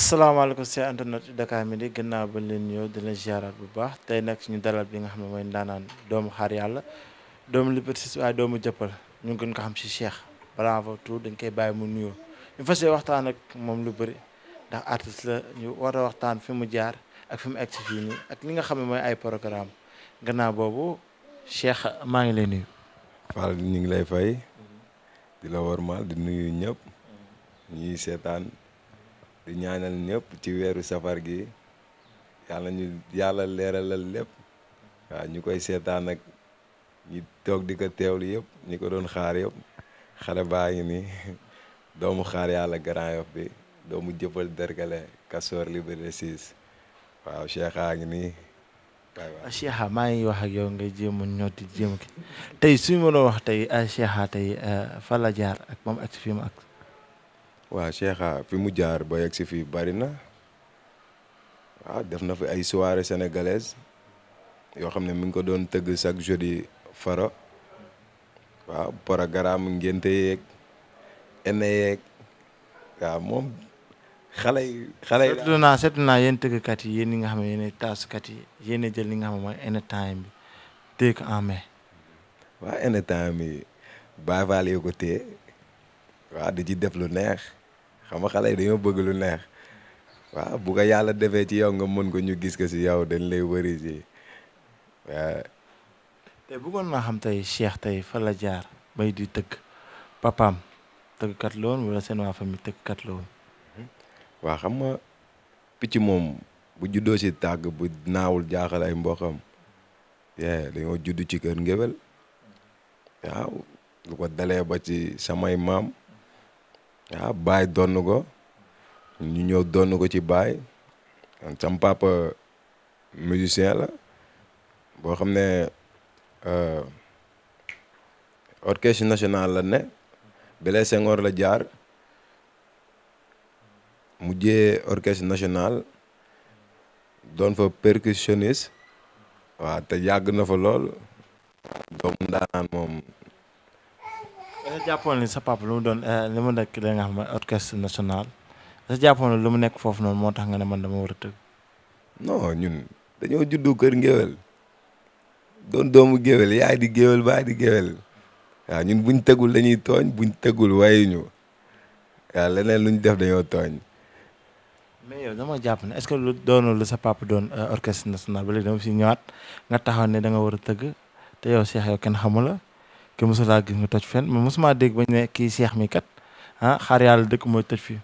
asalaamaaleykum si internet Dakar Midi gannaaw ba leen ñëw di geral bu baax tey nag suñu dalal bi nga xam ne mooy ndaanaan doomu xaar yàlla doomu Liberté waaye doomu jëppal ñu gën ko xam si Cheikh balaa avant dañ koy bàyyi mu nuyoo ñu fas waxtaan ak moom lu bëri ndax artiste ñu war a waxtaan fi mu jaar ak fi mu egg si fii ak li nga xam ne mooy ay programme gannaaw boobu Cheikh maa ngi lay nuyu. Fall ñu ngi lay fay. di la wormaal di nuyu ñëpp. ñuy seetaan. di ñaanal ñëpp ci weeru safar gi yàlla ñu la leeralal lépp waaw ñu koy seetaan ak ñi toog di ko teewlu yëpp ñi ko doon xaar yëpp xale baa ngi nii doomu xaar yàlla Grand Yoff bi doomu jëppal dergale Castor Liberté 6 waaw Cheikha ngi nii waaw ah, Cheikha maa ngi wax ak yow nga jéem a ñooti jéem ki tey suñu mënoo wax tey ah, Cheikha tey ah, fa jaar ak moom ak fi mu ak waaw Cheikha ah, fi mu jaar ba yegg si fii bari na waaw ah, def na fi ay soirée sénégalaise yoo xam ne mi ngi ko doon tëgg chaque jeudi faro waaw programme ngénte yeeg ene yeeg waaw moom xale yi xale yi seetlu naa seetlu naa yéen tëggkat yi yéen nga xam ne yéen taasukat yi yéen jël li nga xam ne mooy ene time bi téye ko en mai waaw ene time bi di ci def lu neex xam nga xale yi dañoo bëgg lu neex waaw bu ko yàlla defee ci yow nga mën ko ñu gis ko si yow dañ lay wëri si waaw. tey bëggoon naa xam tey Cheikh tey fa la jaar bay di tëgg papam tëggkat la woon wala seen waa famille mhm. xam nga picc moom bu juddoo ci tàgg bu naawul jaaxal ay mbokkam yee dañoo judd ci kër ngéwél waaw lu ko dalee ba ci samay maam waaw ah, baay donn ko ñu ñëw donn ko ci baay sam papa musicien la boo xam ne euh, orchestre national la ne Blaise Senghor la jaar mujjee orchestre national doon fa percussionniste waaw te yàgg na fa lool doomu ndaanaan moom nga jàppoon ni sa pap lu mu doon eh, li mu nekk da nga xam ne orchestre national nga jàppoon lu mu nekk foofu noonu moo tax nga ne man dama war a tëgg. non ñun dañoo juddu kër géwél doon doomu géwél yaay di géwél baay di géwél waaw ñun buñ tegul dañuy tooñ buñ tegul waaye ñu waaw leneen luñ def dañoo tooñ. mais dama jàpp ne est-ce que lu sa pap doon eh, orchestre national ba léegi dama si ñëwaat nga taxaw ne da nga war a tëgg te yow Cheikh yow kenn xamula ki mosu laa gis nga toj fen mais mosuma dégg bañ ne kii seex mi kat ah xaar yàlla dëkk mooy toj fi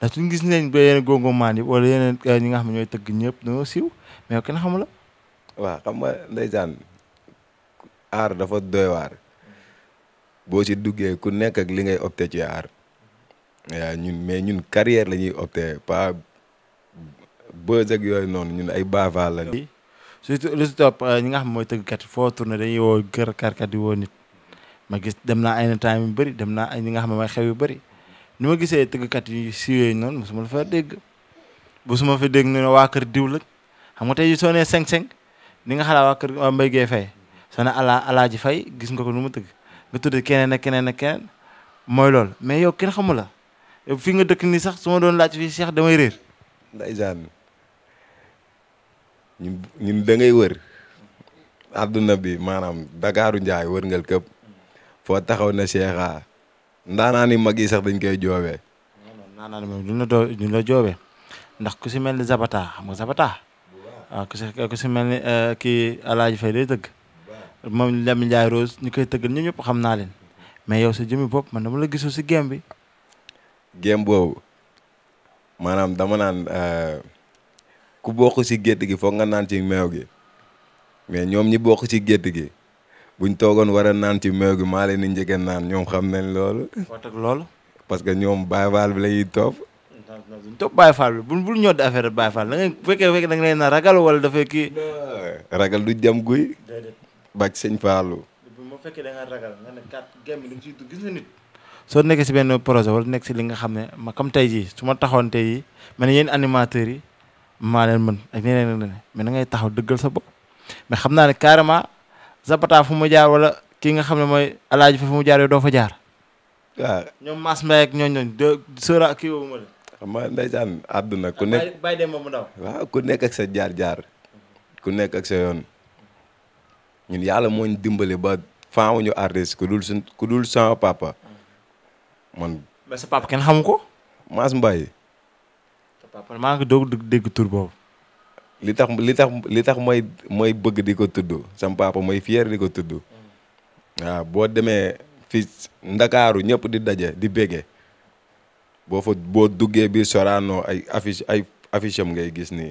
ndax suñ gis nañ ba yeneen gongomaan yi wala yeneen eh, nga xam ne ñooy tëgg ñëpp dañoo siiw mais kenn xamula xam nga ndeysaan aar dafa doy waar boo ci duggee ku nekk ak li ngay opté ñun mais ñun carrière la ñuy opté pas buzz yooyu noonu ñun ay baavaal la surtout li eh, nga xam ne mooy tëggkat foo tourné dañuy woo gër karkat di woo nit ma gis dem na ay time yu bari dem naa ay ni nga xam ne may xew yu bëri ni ma gisee tëggkat yi siiwee suma la fa dégg mosuma fa dégg ne waa kër diw lañ xam nga tey jii soo nee ni nga xalaat waa kër waa Mbaye Guèye Faye soo ne ala fay gis nga ko nu mu tëgg nga tudd keneen ak keneen ak keneen mooy loolu mais yow kenn xamu la fi nga dëkk nii sax su doon laaj fii Cheikh damay réer. ndeysaan ñun ñun da ngay wër adduna bi maanaam Dakaaru Njaay wërngal këpp foo taxaw ne Cheikha ndaanaan yi mag yi sax dañ koy joobee. ndaanaan moom duñ la doo duñ la joobee ndax ku si mel ni Zabata xam nga Zabata. waaw ku si ku si mel ni eh, kii Alaaji Fay day tëgg. moom Lamine Ndiaye Rose ñu koy tëggal ñun ñëpp xam naa leen mais yow sa jëmmi bopp man dama la gisul si game bi. game boobu maanaam dama naan eh, ku bokk si gétt gi foog nga naan ci meew gi mais ñoom ñi ci gétt gi. buñ toogoon war a naan ci meew gi maa leen di njëkk a naan ñoom xam nañ loolu. waxtaan loolu. parce que ñoom Baye Fall bi la ñuy topp. topp Baye Fall bi bul bul ñëw di affaire Baye Fall da ngay bu fekkee fekk da nga leen a ragal wala dafay kii. ragal du jam guy. déedéet bàcc sëñ Fallou. bu ma fekkee da nga ragal nga ne kat gem da nga ciy gis nga nit. soo nekkee si benn projet wala nekk si li nga xam ne ma comme tey jii su ma taxoon tey jii ma ne yéen animateurs yi maa leen mën ak ñeneen ak ñeneen mais da ngay taxaw dëggal sa bopp mais xam naa ne carrément Zapata fu mu jaar wala ki nga xam ne mooy alaaji fa fu mu jaar yow doo fa jaar. waaw ñoom Mass Mbaye ak ñooñu kii boobu ma la. xam nga ndeysaan àdduna ku nekk bàyyi dem ku nekk ak sa jaar-jaar. ku nekk ak sa yoon. ñun yàlla moo ñu dimbali ba faaw ñu artiste ku dul suñ ku dul papa. man mais papa kenn xamu ko. Mass Mbaye. sa papa maa ngi doog dégg tur boobu. li tax li tax li tax mooy mooy bëgg di ko tudd sam papa mooy fier di ko tudd boo demee fi ndakaaru ñëpp di daje di bége boo fo boo duggee biir Sorano ay affiche ay affiche am ngay gis nii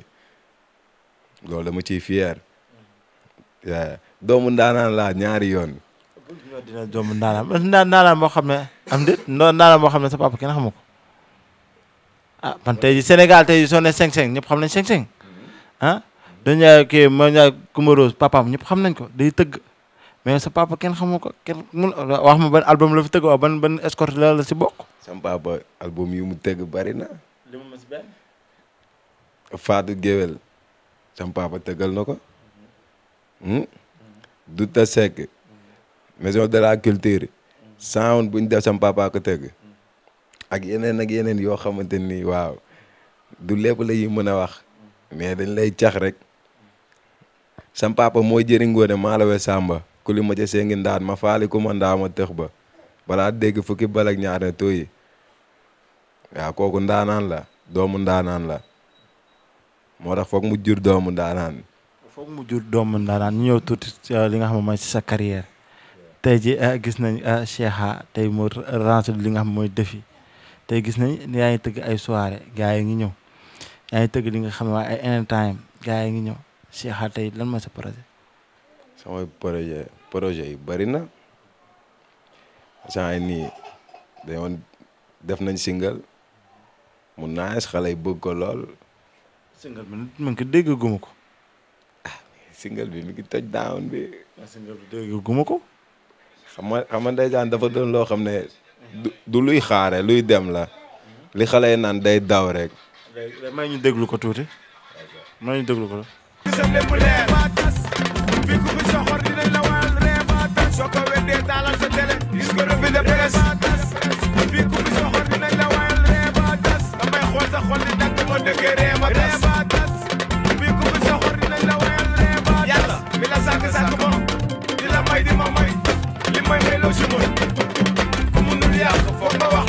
loolu dama ciy fier doomu ndaanaan laa ñaari yoon. dina doomu ndaanaan ndaa ndaanaan moo xam ne am déet noo ndaanaan moo xam ne sa papa kenn xamu ko senegal ah, man tey jii Sénégal tey jii soo ne 5-5 ñëpp xam nañ 5 ah dañu yaay kii ma yaay Kumarose papaam ñëpp xam nañ ko day tëgg mais sa papa kenn xamu ko kenn wax ma ban album la fi tëgg waaw ban ban escorte la la si bokk. sama papa album yu mu tëgg bari na. li mu mas benn. tëggal na ko. Hmm? Douta Seck. maison de la culture. sound bu ñu def sama papa ko tëgg. ak yeneen ak yeneen yoo xamante ni waaw du lépp la ñuy mën a wax. mais dañ lay cax rek sam papa mooy jëringóone maalawe sàmba ku li ma ca seengi ndaan ma faali ko ma ndaama tëx ba balaa dégg fukki balak ñaar ne tooyi waaw kooku ndaanaan la doomu ndaanaan la moo tax foog mu jur doomu ndaanaan foog mu jur doomu ndaanaan ñu ñëw tuuti euh, li nga xam ne mooy sa carrière tey ji euh, gis nañ euh, Cheikha tey mu rancé li nga xam mooy defi tey gis nañ yaa ngi tëgg ay soirée gars yi ngi ñëw yaa ngi tëgg li nga xam ne waaye ay any time gars ngi ñëw si xaar tey lan mooy sa projet. samay projet projet yi bëri na saa nii dañoon def nañ single mu naaj xale yi bëgg ko lool. single bi man ko dégg guma ko. ah single bi mi ngi toj down bi. Ah, ko. xam nga xam dafa loo xam ne du luy xaare luy dem la li xale yi naan day daw rek. léegi may ñu déglu ko tuuti may ñu déglu ko. sa lépp leer ba tas fi ku fi soxor dinañ la waal ree ba tas soo ko weddee taalal sa télé gis ko revue de presse ba tas fi ku fi soxor dinañ la waal ree ba tas damay xool sa xol ni dagg moo dëggee ree ba tas ba tas fi ku fi soxor dinañ la waal ree ba tas yàlla mi la sàkk sàkk moom di la may di ma may li may may loo si mën ku munul yàq foog nga wax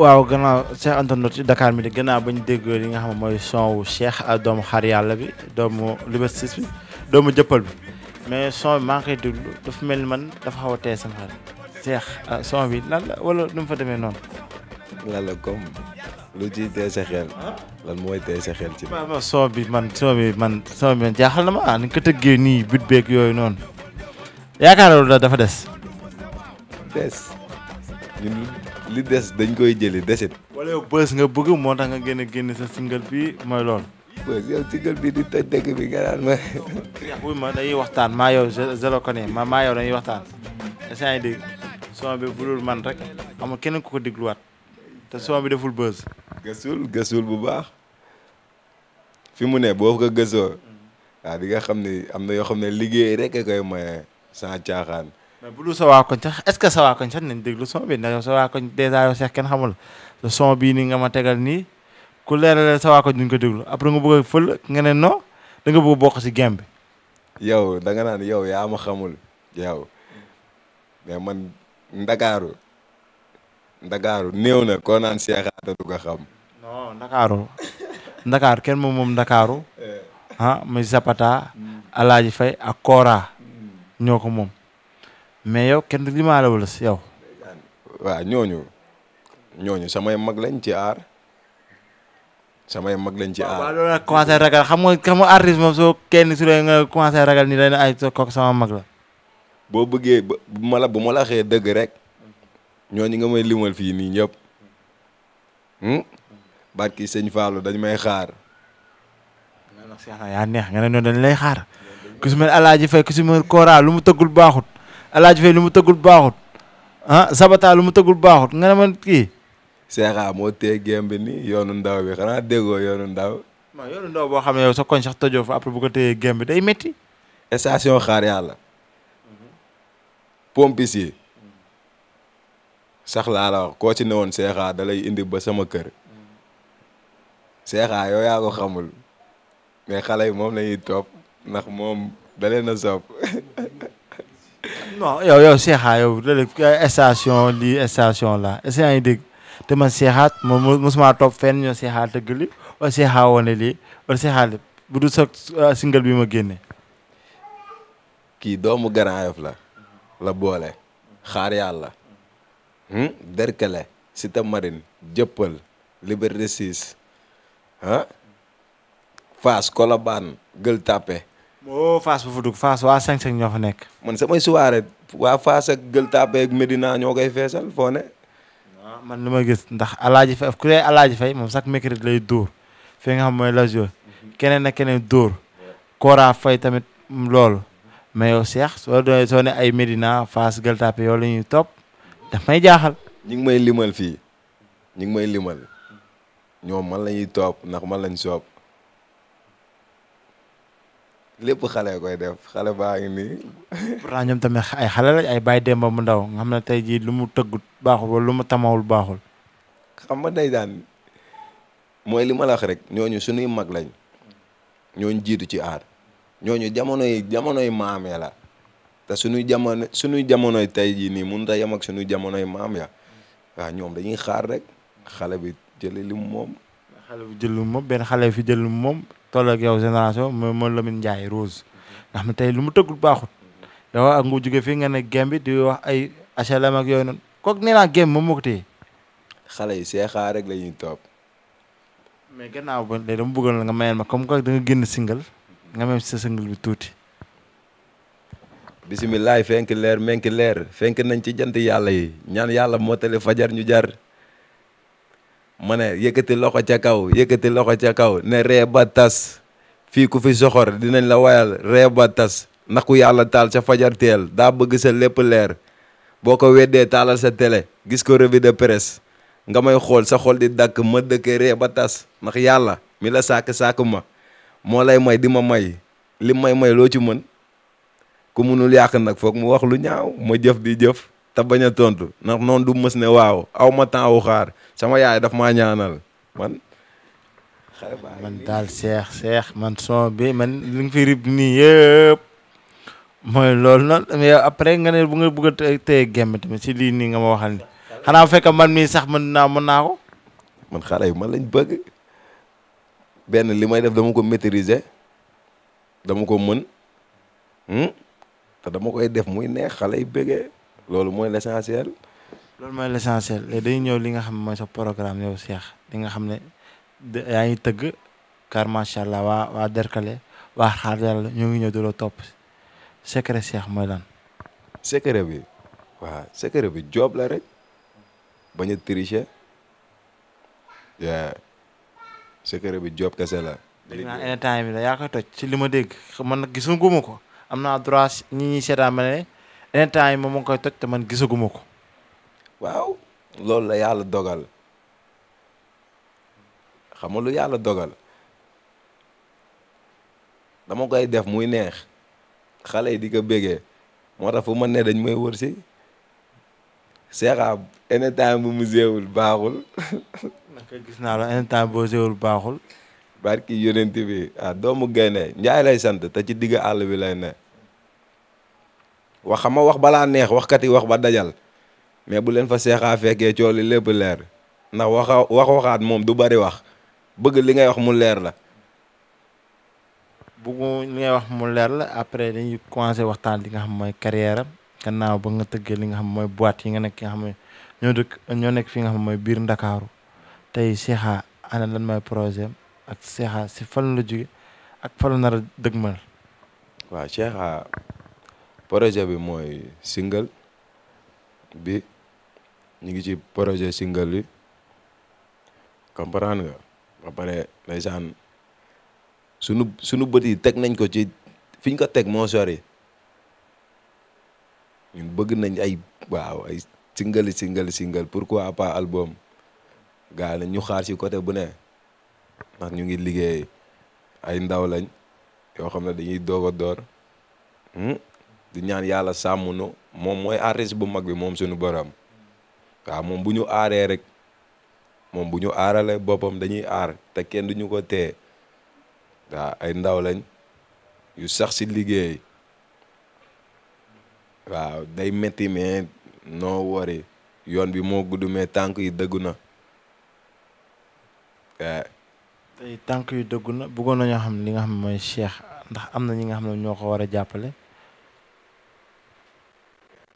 waaw gannaaw seen internet ci Dakar mi di gannaaw ba ñu déggoo li nga xam mooy son wu Cheikh doomu xar yàlla bi doomu Liberté 6 bi doomu jëppal bi mais son bi maa ngi koy mel ni man dafa xaw a tee sama xel Cheikh ah, son bi la wala nu mu fa demee noonu. lan la comme lu ciy tee sa xel. Ah? lan bi man son man son bi man jaaxal ma ah ni ko tëggee nii bit beeg yooyu noonu yaakaar naa dafa des. li des dañ koy jëli desit. wala yow bës nga bëgg moo tax nga génne génne sa single bi mooy lool bës yow single bi di toj dëkk bi nga naan ma. wuy ma dañuy waxtaan maa yow zéro ko ne ma maa yow dañuy waxtaan. yaa ngi dégg son bi bu dul man rek amul kenn ku ko dégluwaat te son bi deful bës. gësul gësul bu baax fi mu ne boo ko gësoo. Mm. waaw di nga xam ne am na yoo xam ne liggéey rek ko koy maye sans caaxaan. mais bu lu sa koñ sax est-ce que sa waa koñ sax nañ déglu son bi ndax yow sa waa koñ dèjà yow sax xamul le son bii nii nga ma tegal ni ku leeralal sa waa koñ duñ ko déglu après nga bëgg a fël nga ne non da nga bëgg bokk si game bi. yow da nga naan yow yaa ma xamul yow mais man ndakaaru ndakaaru néew na koo kenn moom ndakaaru eh. ah muy mm. ñoo ko moom. mais yow kenn li ma la si yow. waaw ñooñu ñooñu samay mag lañ ci aar samay mag lañ ci aar. waaw loolu nag xam nga xam nga artiste moom kenn su commencé ragal ni dañ ay kooku sama mag la. boo bëggee bu ma la bu ma dëgg rek ñooñu nga may limal fii nii ñëpp hmm? barki sëñ Fallou dañ may xaar. yaa neex nga ne noonu dañ lay xaar ku si mel Alaaji Fay si mel lu mu tëggul baaxut. Alaaji Fay lu mu tëggul baaxut ah Sabata lu mu tëggul baaxut nga ne ma kii. Seexa moo téye gem bi nii yoonu ndaw bi xanaa déggoo yoonu ndaw. non ndaw boo xam ne yow sa koñ sax fa après bu ko téyee gem bi day métti. station xaar yàlla. pompis yi. sax laa la wax koo ci newoon Seexa da lay indi ba sama kër. Seexa yow yaa ko xamul mais yi moom la ñuy topp moom da leen a non yow yow seexaa yow léeg-léeg station lii station la est-ce que yaa ngi dégg te man seexaat moom mosuma topp fenn ñoo seexaa tëgg li wala seexaa wane lii wala seexaa lépp bu dul sa bi ma génne. kii doomu Grand Yoff la la boole xaar yàlla hmm? derkale Cité Marine jëppal Liberté 6 ah Fass Colobane Gueule Tapée moo Fass bu fa dugg Fass waa cinq cinq ñoo fa nekk. man samay soirée waa Fass ak Gueule Tapée ak Medina ñoo koy feesal foo ne. Ah, man lu ma gis ndax Alaaji Fay ku dee Alaaji Fay moom chaque mercredi lay dóor fi nga xam mooy la jour mhm. keneen ak keneen dóor Kora Fay tamit loolu mais yow Cheikh soo doon soo ay Medina Fass Gueule Tapée yow la ñuy topp daf may jaaxal. ñu ngi may limal fii ñu ngi may limal ñoo man la ñuy topp ndax man lañ sopp lépp xale koy def xale baa ngi nii. pourtant ñoom tamit ay xale lañ ay bàyyi demba mu ndaw nga xam ne tey jii lu mu tëggut baaxul wala lu mu tamawul baaxul. xam nga day daan mooy li ma la wax rek ñooñu suñuy mag lañ ñooñu jiitu ci aar ñooñu jamonoy jamonoy maamee la te suñuy jamono suñuy jamonoy tey jii nii mun a yem ak suñuy jamonoy maam ya waaw ñoom dañuy xaar rek xale bi jëlee li mu bi jël lu moom benn xale fi jël lu moom toll ak yow génération mo moo Lamine nga xam ne tey lu mu tëggul baaxut yow ak nga jóge fii nga ne gem bi di wax ay HLM ak yooyu noonu kooku nee naa gem moom moo ko téye xale yi seexaa rek la ñuy topp mais gannaaw ba léegi bëggoon la nga mayal ma comme que da nga génn single nga même si sa single bi tuuti bisimilaay fenk leer menk leer fenk nañ ci jant yàlla yi ñaan yàlla mootale fajar ñu jar ma ne yëkkati loxo ca kaw yëkkati loxo ca kaw ne ree tas fii ku fi soxor dinañ la wayal ree tas ndax yàlla taal sa fajar teel daa bëgg sa lépp leer boo ko weddee taalal sa télé gis ko revue de presse nga may xool sa xol di dakk ma dëkke ree ba tas ndax yàlla mi la sàkk sàkk ma moo lay may di ma may li may may loo ci mën ku munul yàq nag foog mu wax lu ñaaw ma jëf di jëf te bañ a tontu ndax noonu du mës ne waaw aw ma temps wu xaar sama yaay daf maa ñaanal man. man daal seex seex man son man li nga fi rib nii yëpp mooy loolu noonu après nga ne bu nga bëgg a téye gémm tamit si lii nii nga ma waxal ni xanaa fekk man mii sax man naa mën naa ko. man xale yi man lañ bëgg benn limay def dama ko maîtriser dama ko mën hmm? te dama koy def muy neex xale yi bëggee. loolu mooy l'essentiel. loolu mooy le léegi dañuy ñëw li nga xam ne mooy sa programme yow Cheikh li nga xam ne yaa ngi tëgg car macha allah waa waa Derkale waa xaar yàlla ñoo ngi ñëw di la topp secret Cheikh mooy lan. secret bi waaw secret bi job la rek bañ a tricher waaw secret bi job kese la. dégg naa en temps bi la yaa koy toj ci li ma dégg man nag gisuma ko am naa droit ñi ñuy seetaan ma yenn temps yi moom mu ngi koy toj man gisaguma ko. waaw loolu la yàlla dogal xam nga lu yàlla dogal dama koy def muy neex xale yi di ko bégee moo tax fu ma ne dañ may wër si. Seexa en temps bu mu séewul baaxul. naka gis naa la en temps boo séewul baaxul. barki yonent bi ah doomu gaynde Njaay lay sant te ci digg àll bi lay ne. wax xam ma wax balaa neex waxkat yi wax ba dajal mais bu leen fa seexaa fekkee coow li lépp leer ndax waxa wax waxaat moom du bari wax bëgg li ngay wax mu leer la. bu li wax mu leer la après dañuy commencé waxtaan li nga xam mooy carrière am gannaaw ba nga tëggee li nga xam mooy boit yi nga nekk nga xam ñoo dëkk ñoo nekk fi nga xam mooy biir Ndakaaru tey seexaa ana lan mooy projet ak seexaa si fan la jóge ak fan la nar a projet bi mooy single bi ñu ngi ci projet single yi comprendre nga ba pare ndeysaan sunu sunu bët yi teg nañ ko ci fiñ ko teg moo sori ñun bëgg nañ ay waaw ay single single single pourquoi pas album gaa la ñu xaar ci côté bu ne ndax ñu ngi liggéey ay ndaw lañ yoo xam ne dañuy doog a door. Hmm? di ñaan yàlla sàmm nu moom mooy artiste bu mag bi moom suñu borom waaw moom bu ñu aaree rek moom bu ñu aaralee boppam dañuy aar te kenn duñu ko tee waaw ay ndaw lañ yu sax si liggéey waaw day metti mais noo wari yoon bi moo gudd mais tànk yi dëggu na eh. tey tànk yu dëggu na bëggoon nañoo xam li nga xam mooy Cheikh ndax am na ñi nga xam ne ñoo ko war a jàppale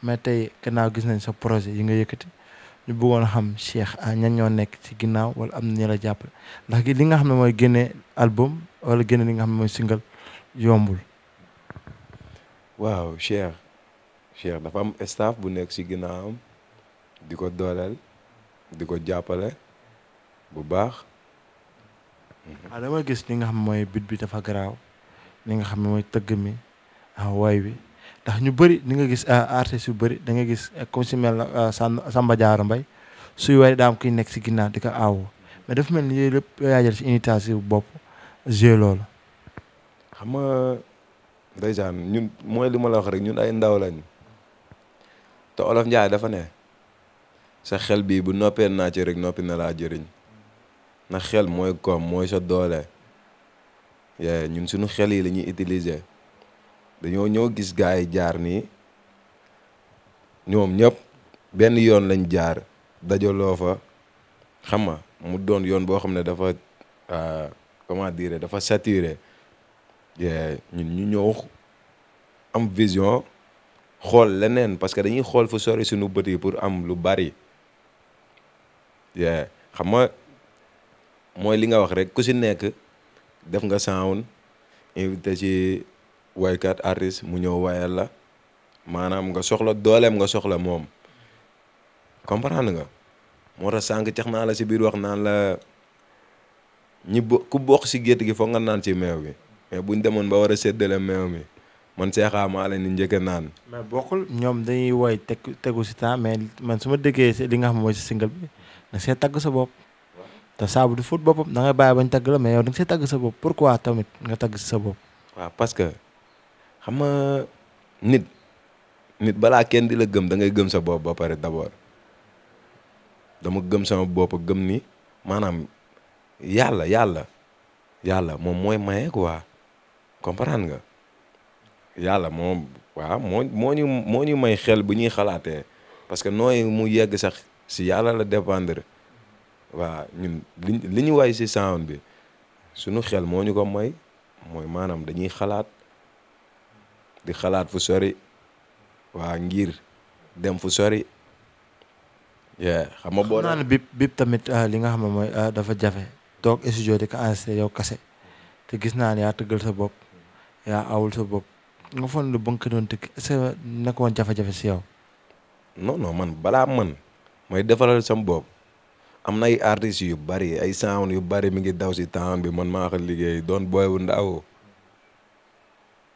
mais tey gannaaw gis nañ sa projet yi nga yëkkati ñu bëggoon xam Cheikh ah ñan ñoo nekk ci ginnaaw wala am na ñu la jàppale ndax li nga xam ne mooy génne album wala génne li nga xam ne mooy single yombul. waaw Cheikh Cheikh dafa am staff bu nekk ci ginnaawam di ko dooleel di ko jàppale bu baax. Mhm. ah dama gis li nga xam mooy bit bi dafa garaaw li nga xam ne mooy tëgg mi ah, waay bi. ndax ñu bëri di nga gis ah, artistes yu bëri da nga gis eh, comme si mel na ah, Samba Diarra Mbaye suy way daa am nekk si ginnaaw dika ko aawoo dafa mel ni yooyu lépp yoo yaajal si initiative bopp jeu loolu xam nga ndeysaan ñun mooy li ma la wax rek ñun ay ndaw lañ te olof Njaay dafa ne sa xel bii bu noppee naa ci rek noppi na laa jëriñ ndax xel mooy koom mooy sa doole yee ñun sunu xel yi la ñuy utiliser dañoo ñëw gis gars yi jaar nii ñoom ñëpp benn yoon lañ jaar dajaloo fa xam nga mu doon yoon boo xam ne dafa euh, comment dire dafa saturé ñun ñu ñëw am vision xool leneen parce que dañuy xool fu sori suñu bët yi pour am lu bari xam nga mooy li nga wax rek ku si nekk def nga sound invité waykat artiste mu ñëw wayal la maanaam nga soxla dooleem nga soxla moom comprendre nga moo tax sànq ceex naa la si biir wax naan la ñi ku bok si gétt gi foog nga naan si meew bi mais buñ demoon ba war a séddale meew mi man seexaa maa leen di njëkk a naan. mais ñoom dañuy woy teg tegu si temps mais man su ma déggee li nga xam mooy si single bi nga see tagg sa bopp. te saabu du fóot boppam da ngay bàyyi la mais yow da nga see tagg sa bopp pourquoi tamit nga tagg si sa bop xam nga nit nit balaa kenn di la gëm da ngay gëm sa bopp ba pare d'abord dama gëm bop a gëm ni maanaam yàlla yàlla yàlla moom mooy maye quoi comprendre nga yàlla moom waaw moo moo moo ñu may xel bu ñuy xalaatee parce que nooy mu yegg sax si yàlla la dépendre waaw ñun li li ñu way si sound bi suñu xel moo ko may mooy maanaam dañuy xalaat di xalaat fu sori waa ngir dem fu sori xam nga boo naan bip bip tamit ah, li nga xam ne mooy ah, dafa jafe toog studio di ko enregistré yow kase te gis naa ne yaa tëggal sa bopp yaa awul sa bopp nga foog ne ba nga ko doon tëgg est nekkoon jafe-jafe si yow non man balaa man mooy defaral sam bopp am na ay artistes yu bari ay sound yu bari mi ngi daw si temps bi man maa ko liggéey doon wu bu ndaw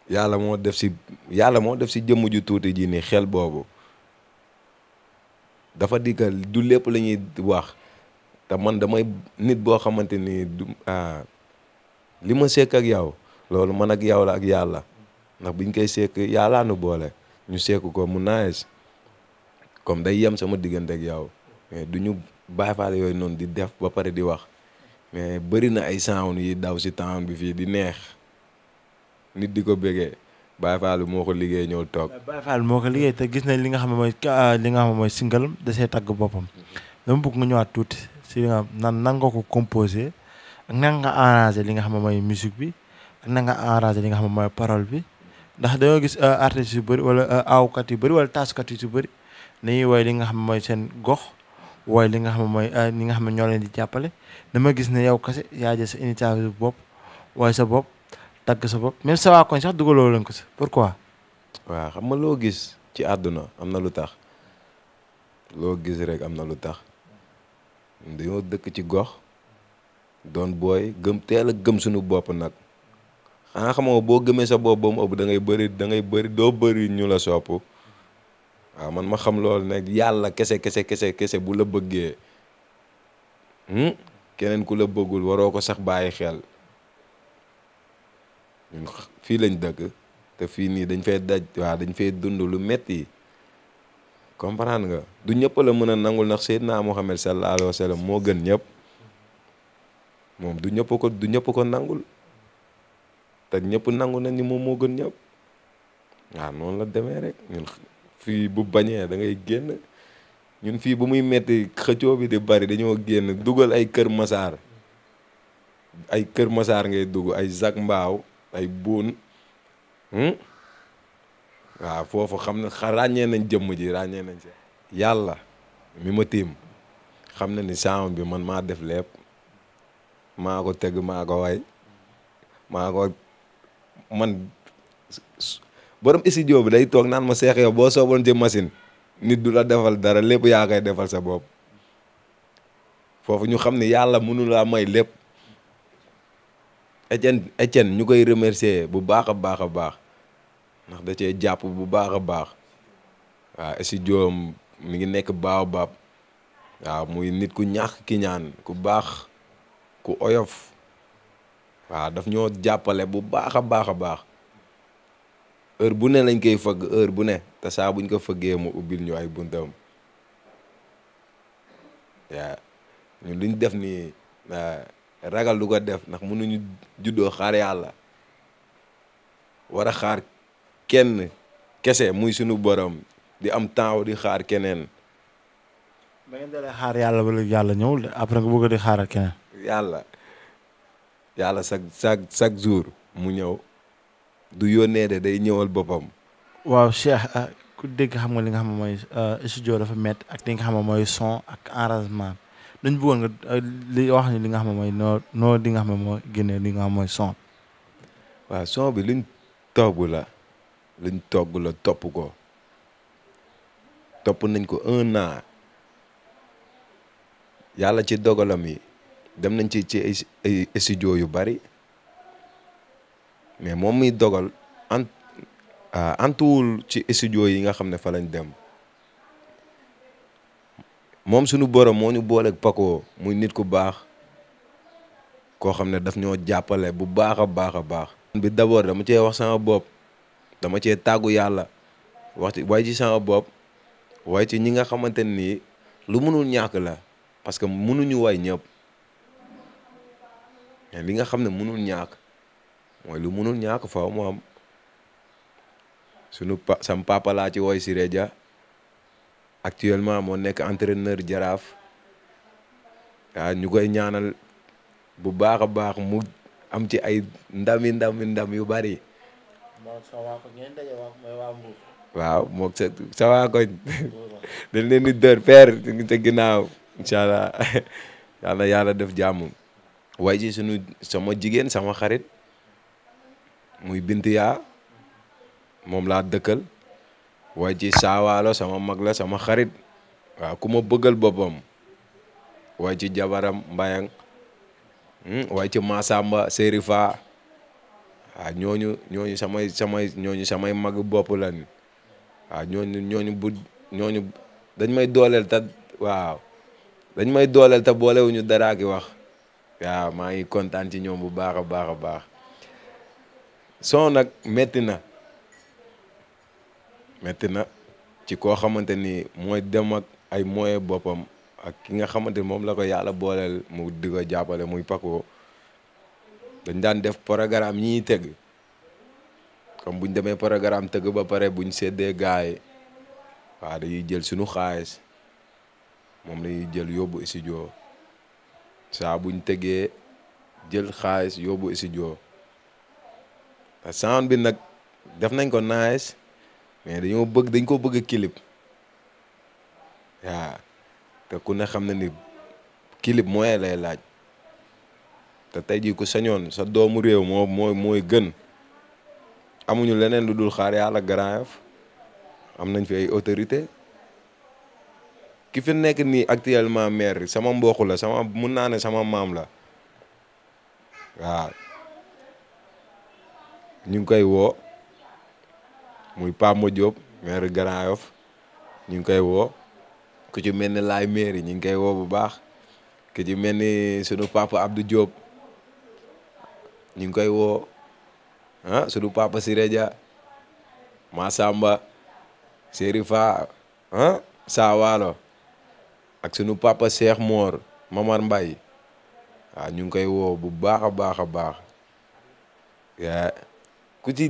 yàlla moo def si yàlla moo def si jëmm ju tuuti ji nii xel boobu dafa di que du lépp la ñuy wax te man damay nit boo xamante ni du ah, li ma sekk ak yow loolu man ak yow la ak yàlla ndax buñ koy sekk yàllaa nu boole ñu sekk ko mu naes comme day yem sama diggante ak yow mais du ñu bàyyi faale yooyu noonu di def ba pare di wax mais bëri na ay sound yi daw si town bi fii di neex nit di ko bégee Baye Fall moo ko liggéey ñëw toog. Baye Fall moo te gis na li nga xam ne mooy ah, li nga mooy singalam da see tagg boppam. dama bëgg nga ñëwaat tuuti si li nga nan nan ko composé nan nga arrangé li nga xam ne mooy musique bi ak nga arrangé li nga xam ne mooy parole bi ndax dañoo gis ah, artistes yu bëri wala aawkat ah, yu bëri wala taasukat yu bëri dañuy woy li nga xam ne mooy seen gox. woy li nga xam ne mooy ñi nga xam ne ñoo leen di jàppale dama gis ne yow kese yaa jël sa initiative bopp waaye sa bopp tagg sa bopp même sa waa koñ sax dugaloo leen ko sa pourquoi. waaw xam nga loo gis ci àdduna am na lu tax loo gis rek am na lu tax dañoo dëkk ci gox doon booy gëm teel a gëm suñu bopp nag xanaa xam nga boo gëmee sa bopp ba da ngay bëri da ngay bëri doo bëri ñu la sopp waaw man ma xam loolu ne yàlla kese kese kese kese bu la bëggee hmm? keneen ku la bëggul waroo ko sax bàyyi xel. ñun fii lañ dëkk te fii nii dañ fa daj waa dañ fa dund lu metti comprendre nga du ñëpp la mën a nangul ndax Seydina Mohamed sallallahu alayhi wa moo gën ñëpp moom du ñëpp ko du nangul te ñépp nangu nañ ni moom moo gën ñëpp waaw noonu la demee rek ñun fii bu bañee dangay génn ñun fii bu muy metti xëccoo bi di bari dañoo génn dugal ay kër masaar ay kër masaar ngay dugg ay Zac mbaaw ay boon hmm? waaw foofu xam na ràññee nañ jëmm ji ràññee nañ si yàlla mi ma tiim xam na ni sound bi man maa def lépp maa ko teg maa ko way maa ko man borom studio bi day toog naan ma seex yow boo sooboon ci machine nit du la defal dara lépp yaa koy defal sa bopp foofu ñu xam ne yàlla mënu laa may lépp Etienne Etienne ñu koy remercier bu baax a baax a baax ndax da cee jàpp bu baax a baax waaw studio mi ngi nekk baax Baobab waaw muy nit ku ñax ki ñaan ku baax ku oyof waaw daf ñoo jàppale bu baax a baax a baax heure bu ne lañ koy fëgg heure bu ne te saa buñ ko fëggee mu ubil ñu ay buntam yaa ñun luñ def nii. Ah, ragal du ko def ndax mënuñu juddoo xaar yàlla war a xaar kenn kese muy sunu boram di am temps di xaar keneen. ma ngeen dalee xaar yàlla ba yàlla ñëwul après nga bëgg di xaaral keneen. yàlla yàlla chaque chaque chaque jour mu ñëw du yónnee de day ñëwal boppam. waaw Cheikh ah, ku dégg xam nga li nga xam mooy ah, studio dafa métti ak li nga xam mooy son ak arrangement. dañ bëggoon nga euh, li wax ni li nga xam ne mooy noo noo li nga xam ne moo génnee li nga xam mooy son waaw son bi liñ togg la liñ togg la topp ko topp nañ ko un an yàlla ci dogalam yi dem nañ ci ci ay studio yu bari mais moom muy dogal ant euh, antuwul ci studio yi nga xam ne fa lañ dem moom sunu borom moo ñu booleeg Paco muy nit ku baax koo xam ne daf ñoo jàppale bu baax a baax a baax. bi d'abord dama cee wax sama bopp dama cee tàggu yàlla wax ci waaye ci sama bopp ci ñi nga xamante nii lu mënul ñàkk la parce que mënuñu way ñëpp mais nga xam ne mënul ñàkk mooy lu mënul ñàkk fa mu am sunu pa sam papa laa ci woy Siré Dia actuellement moo nekk entraîneur jaraaf waaw ñu koy ñaanal bu baax a baax mu am ci ay ndami ndami ndam yu bari. waaw moog sa sa waa koñ dañ leen di dër peer sa ginnaaw incha allah yàlla def jàmm. waay ci sunu sama jigéen sama xarit muy Bintu yaa moom laa dëkkal. waa ji saawalo sama mag la sama xarit waaw ku ma bëggal boppam waa ci jabaram mbayang hmm, way ci masamba serifa waaw ñooñu ñooñu samay samay ñooñu samay mag bopp lan waaw ñooñu ñooñu bu ñooñu dañ may dooleel ta waaw dañ may dooleel te boolewuñu daraa ki wax maa ngi kontaan ci ñoom bu baax a baax a baax son nag metti na metti na ci koo xamante ni mooy demak ay moyens boppam ak ki nga xamante ni moom la ko yàlla booleel mu di ko jàppale muy Paco dañ daan def programme ñiy teg comme buñ demee programme teg ba pare buñ séddee gaay waaw dañuy jël sunu xaalis moom lañuy jël yóbbu studio saa buñ tëggee jël xaalis yóbbu studio te sound bi nag def nañ ko nice mais dañoo bëgg dañ ko bëgg a clip waaw te ku ne xam na ni clip lay laaj te tey jii ku sañoon sa doomu réew moo mooy mooy gën amuñu leneen lu dul xaar yàlla Grand Yoff am nañ fi ay autorité ki fi nekk nii actuellement maire sama mbokk la sama mun naa ne sama maam la waaw ñu ngi koy woo muy Pape mu maire Grand Yoff ñu ngi koy woo ku ci mel ni laay mairie ñu ngi koy woo bu baax ku ci mel ni sunu papa Abdou job ñu ngi koy woo ah sunu papa Sirédia Massamba Serifa ah Saawaalo ak sunu papa Cheikh Mor Mamar mbay waaw ah, ñu ngi koy woo bu baax a baax a baax ku ci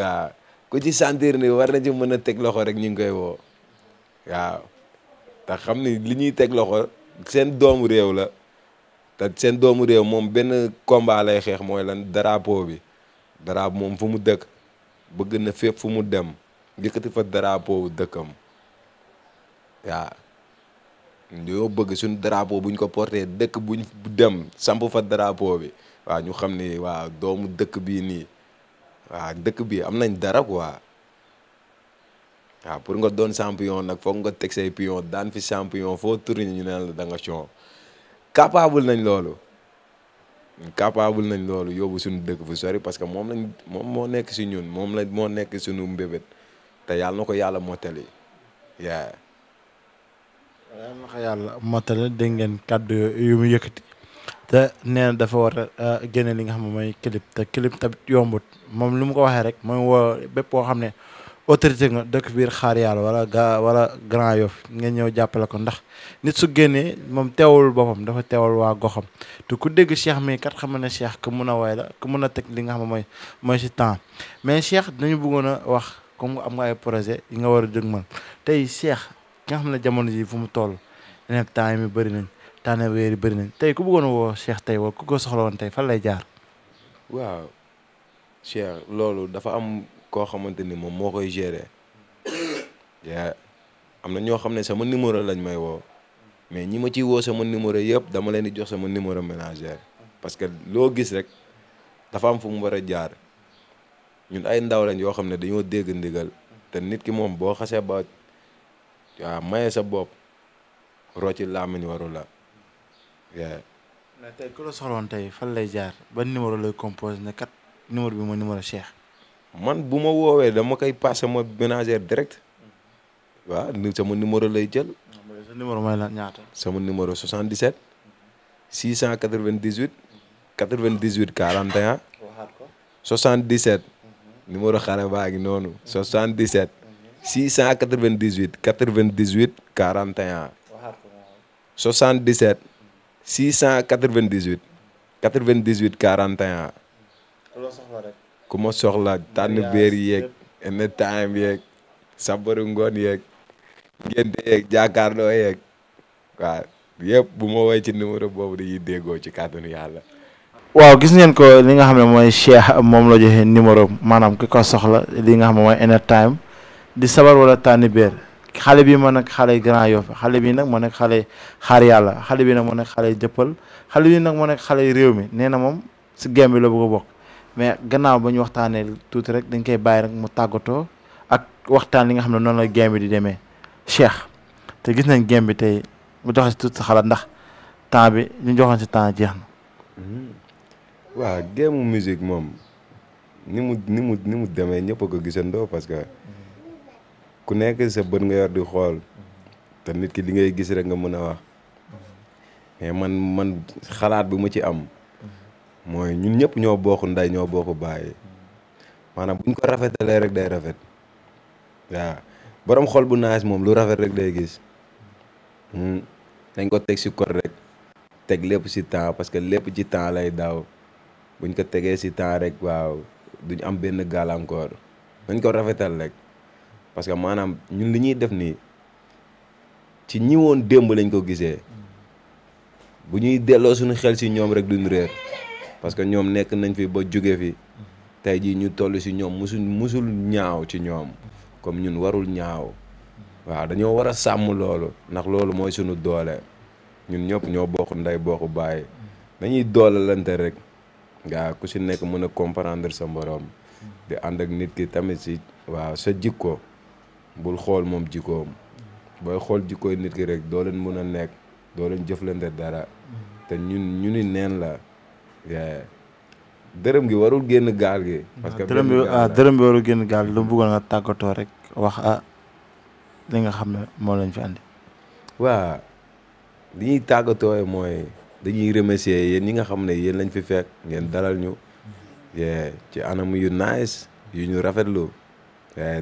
waaw ku ci sentir ni war na ci mën a teg loxo rek ñu ngi koy woo waaw te xam ni li ñuy teg loxo seen doomu réew la te seen doomu réew moom benn combat xeex mooy lan drapeau bi drapeau moom fu mu dëkk bëgg na fépp fu mu dem yëkkati fa drapeau dëkkam waaw ñoo bëgg suñu drapeau buñ ko porté dëkk buñ dem samp fa drapeau bi waaw ñu xam ni waaw doomu dëkk bii nii waaw dëkk bi am nañ dara quoi waaw pour nga doon champion nag foog nga teg say pion daan fi champion foo tourné ñu naan la da nga champion capable nañ loolu capable nañ loolu yóbbu suñu dëkk fu sori parce que moom lañ moom moo nekk si ñun moom la moo nekk suñu mbébét te yàlla na ko yàlla mottali yaa yàlla na ko yàlla mottali dégg ngeen kàddu yu mu yëkkati te nee dafa war a génne li nga xam ne mooy clip te clip tamit yombut moom lu mu ko waxee rek mooy woo bépp koo xam ne autorité nga dëkk biir xaar yàlla wala ga wala Grand Yoff nga ñëw jàppale ko ndax nit su génnee moom teewul boppam dafa teewal waa goxam te ku dégg Cheikh mi kat xam ne Cheikh ku mun a woy la ku mun a teg li nga xam mooy mooy si temps mais Cheikh dañu bëggoon a wax comme am nga ay projet yi nga war a dëgmal tey Cheikh ki nga xam ne jamono ji fu mu toll temps yi mi bëri nañ daana weer bëri nañ tey ku bëggoon woo Cheikh tey wala ku ko soxla woon tey fan lay jaar. waaw Cheikh loolu dafa am koo xamante ni moom moo koy gérer yaa am na ñoo xam ne sama numéro lañ may woo mais ñi ma ciy woo sama numéro yëpp dama leen di jox sama numéro ménagère parce que loo gis rek dafa am fu mu war a jaar ñun ay ndaw lañ yoo xam ne dañoo dégg ndigal te nit ki moom boo xasee ba waaw maye sa bopp rocci làmmiñ waru la mais tey ku la soxloon tey fan lay jaar ban numéro lay composé ne kat bi mooy numéro Cheikh. man bu ma woowee dama koy passé ma ménagère direct. Mm-hmm. waaw ni sama numéro lay jël. Ah, sa numéro mooy la ñaata. sama numéro 77. 698. 98 41. waxaat ko 77. Mm-hmm. numéro xale baa ngi noonu. 77. 698 98 41. waxaat 698 98 41. loo soxla rek. ku ma soxla tànn beer yeeg. en time yeeg. sabaru ngoon yeeg. ngénte yeeg jàkkaarloo yeeg. waaw yëpp bu ma woowee ci numéro boobu dañuy déggoo ci kàttanu yàlla. waaw gis ngeen ko li nga xam ne mooy Cheikh moom la joxe numéro maanaam ki ko soxla li nga xam ne mooy en di sabar wala tànn beer. xale bii man ak xale Grand Yoff xale bi nag man ak xale xaar yàlla xale bi nag man ak xale jëppal xale bi nag man ak xale réew mi nee na moom si game bi la bëgg a bokk mais gannaaw ba ñu waxtaanee tuuti rek dañ koy bàyyi rek mu tàggatoo ak waxtaan li nga xam ne noonu la game bi di demee Cheikh te gis nañ game bi tey mu joxe si tuuti sa xalaat ndax temps bi ñu joxoon si temps jeex na. Hmm. waaw game moom ni mu ni mu ni mu demee ñëpp a ko gisandoo parce que. ku nekk sa bët nga yor di xool te nit ki li ngay gis rek nga mën a wax mais man man xalaat bi mu ci am mooy ñun ñëpp ñoo bokk nday ñoo bokk bàyyi maanaam buñ ko rafetalee rek day rafet waaw borom xool bu naas moom lu rafet rek day gis hmm. dañ ko teg si code rek teg lépp si temps parce que lépp ci temps lay daaw buñ ko tegee si temps rek waaw duñ am benn gàllankoor dañ ko rafetal rek. parce que maanaam ñun li ñuy def nii ci ñi woon démb lañ ko gisee bu ñuy delloo suñu xel si ñoom rek duñ réer parce que ñoom nekk nañ fi ba jóge fi tey jii ñu toll si ñoom musul musul ñaaw ci ñoom comme ñun warul ñaaw waaw dañoo war a sàmm loolu ndax loolu mooy sunu doole ñun ñëpp ñoo bokk ndey bokk bàyyi dañuy doolalante rek nga ku si nekk mën a comprendre sa mborom di ànd nit ki tamit si waaw sa jikko bul xool moom jikkoom booy xool jikkooy nit ki rek doo leen mën a nekk doo leen jëflante dara te ñun ñu ni neen la dërëm gi warul génn gaal gi. parce que ah, dërëm bi ah, dërëm bi warul génn gaal gi lu mu bëggoon nga tàggatoo rek wax ah li nga xam ne moo lañ fi andi. waaw li ñuy tàggatoo mooy dañuy remercier yéen ñi nga xam ne yéen lañ fi fekk ngeen dalal ñu ci anam yu nice yu ñu rafetlu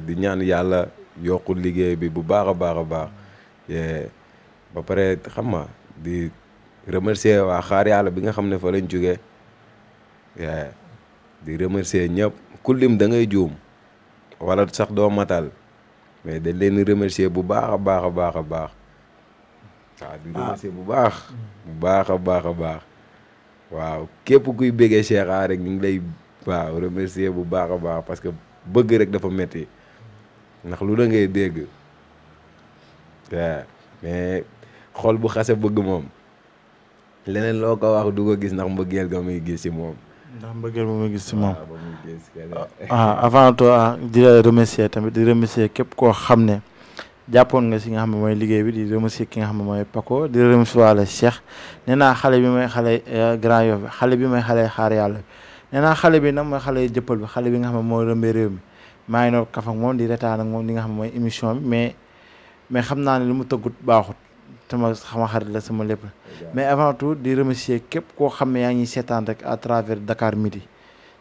di ñaan yàlla. yokkul liggéey bi bu baax a baax a baax ba pare xam nga di remercier waa xaar yàlla bi nga xam ne fa lañ jógee di remercier ñëpp ku lim da ngay juum wala sax doo matal mais dañ leen remercier bu baax a baax a baax a baax waaw di remercier bu baax bu baax a baax a baax waaw képp kuy béggee Cheikh rek ñu ngi lay waaw remercier bu baax a baax parce que bëgg rek dafa metti ndax lu la ngay dégg mais xol bu xase bëgg moom leneen loo ko wax du ko gis ndax mbëggeel ga muy gis ci moom. ndax mbëggeel ba muy gis ci moom ah, ah, avant tout ah, di la remercier tamit di remercier képp koo xam ne jàppoon nga si nga xam ne mooy liggéey bi di remercier ki nga xam ne mooy Paco di remercier wàlla Cheikh nee naa xale bi mooy xale euh, Grand Yoff bi xale bi may xale xaar yàlla nee naa xale bi nag mooy xale jëppal bi xale bi nga xam ne moo rëmbee réew mi maa ngi doon kaf ak moom di retaan ak moom li nga xam mooy émission bi mais xam naa ne lu mu tëggut baaxut sama xarit la sama lépp mais avant tout di remercier képp koo xam ne yaa ngi seetaan rek à travers Dakar Midi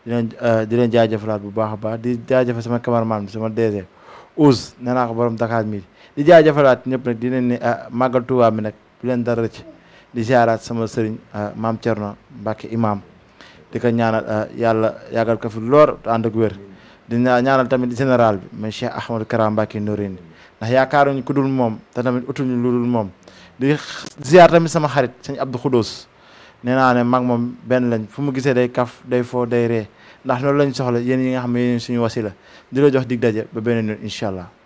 di leen euh, di leen jaajëfalaat bu baax a baax di jaajëfal sama cameraman bi sama DG Ousse nee naa borom Dakar Midi di jaajëfalaat ñëpp nag di leen ne euh, màggal Tuubaa mi nag bu leen dara rëcc di ziaraat sama sëriñ euh, maam Thierno Mbacke imam di ko ñaanal yàlla yàggal ko fi loor ànd ak wér. dina ñaanal tamit général bi muy Cheikh Ahmadou Kara Mbacké Noreyni ndax yaakaaruñu ku dul moom te tamit utuñu lu dul moom di ziar tamit sama xarit sañ Abdou Khoudous nee naa ne mag moom benn lañ fu mu gisee day kaf day foo day ree ndax loolu lañ soxla yéen yi nga xam ne suñu wasila di la jox dig daje ba beneen yoon incha allah